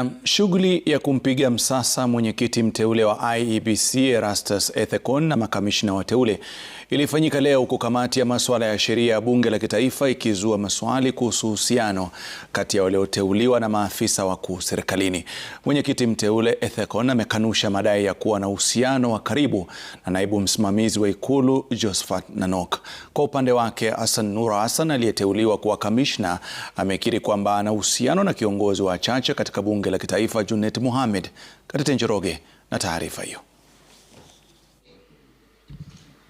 Um, shughuli ya kumpiga msasa mwenyekiti mteule wa IEBC Erastus Ethekon na makamishna wateule ilifanyika leo huku kamati ya masuala ya sheria ya bunge la kitaifa ikizua maswali kuhusu uhusiano kati ya walioteuliwa na maafisa wakuu serikalini. Mwenyekiti mteule Ethekon amekanusha madai ya kuwa na uhusiano wa karibu na naibu msimamizi wa Ikulu Josephat Nanok. Kwa upande wake, Hassan Nura Hassan aliyeteuliwa kuwa kamishna amekiri kwamba ana uhusiano na kiongozi wachache katika bunge bunge la kitaifa Junet Mohamed Katete Njoroge na taarifa hiyo.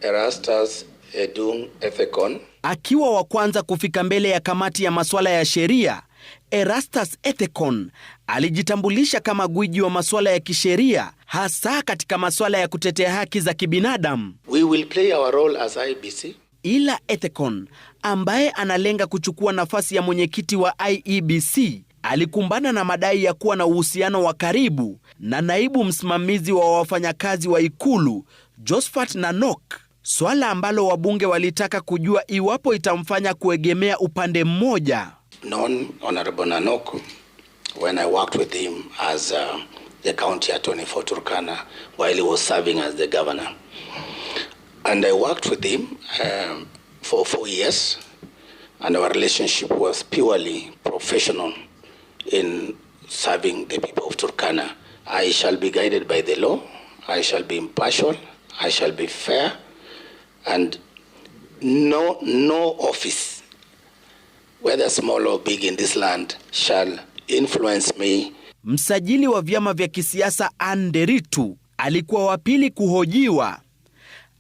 Erastus Edung Ethekon akiwa wa kwanza kufika mbele ya kamati ya masuala ya sheria, Erastus Ethekon alijitambulisha kama gwiji wa masuala ya kisheria hasa katika masuala ya kutetea haki za kibinadamu. We will play our role as IBC. Ila Ethekon ambaye analenga kuchukua nafasi ya mwenyekiti wa IEBC alikumbana na madai ya kuwa na uhusiano wa karibu na naibu msimamizi wa wafanyakazi wa ikulu Josphat Nanok, swala ambalo wabunge walitaka kujua iwapo itamfanya kuegemea upande mmoja. Uh, our relationship was purely professional in serving the people of Turkana. I shall be guided by the law, I shall be impartial, I shall be fair, and no, no office, whether small or big in this land, shall influence me. Msajili wa vyama vya kisiasa Anderitu alikuwa wa pili kuhojiwa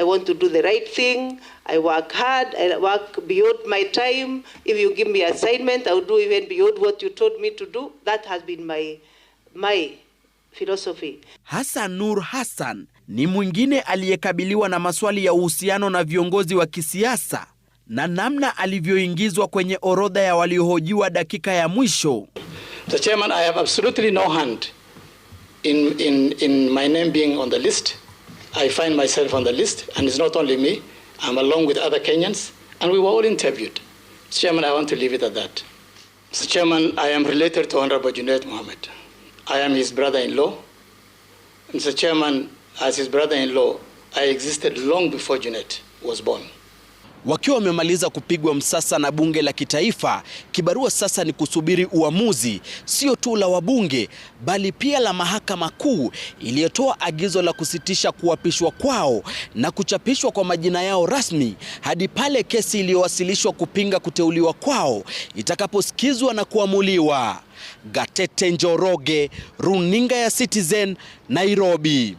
I want to do the right thing. I work hard. I work beyond my time. If you give me assignment, I'll do even beyond what you told me to do. That has been my, my philosophy. Hassan Nur Hassan ni mwingine aliyekabiliwa na maswali ya uhusiano na viongozi wa kisiasa na namna alivyoingizwa kwenye orodha ya waliohojiwa dakika ya mwisho. The chairman, I have absolutely no hand in, in, in my name being on the list. I find myself on the list, and it's not only me. I'm along with other Kenyans, and we were all interviewed. Mr. Chairman, I want to leave it at that. Mr. Chairman, I am related to Honorable Junaid Mohammed. I am his brother-in-law. Mr. Chairman, as his brother-in-law, I existed long before Junaid was born. Wakiwa wamemaliza kupigwa msasa na bunge la kitaifa, kibarua sasa ni kusubiri uamuzi sio tu la wabunge bali pia la mahakama kuu iliyotoa agizo la kusitisha kuapishwa kwao na kuchapishwa kwa majina yao rasmi hadi pale kesi iliyowasilishwa kupinga kuteuliwa kwao itakaposikizwa na kuamuliwa. Gatete Njoroge, Runinga ya Citizen, Nairobi.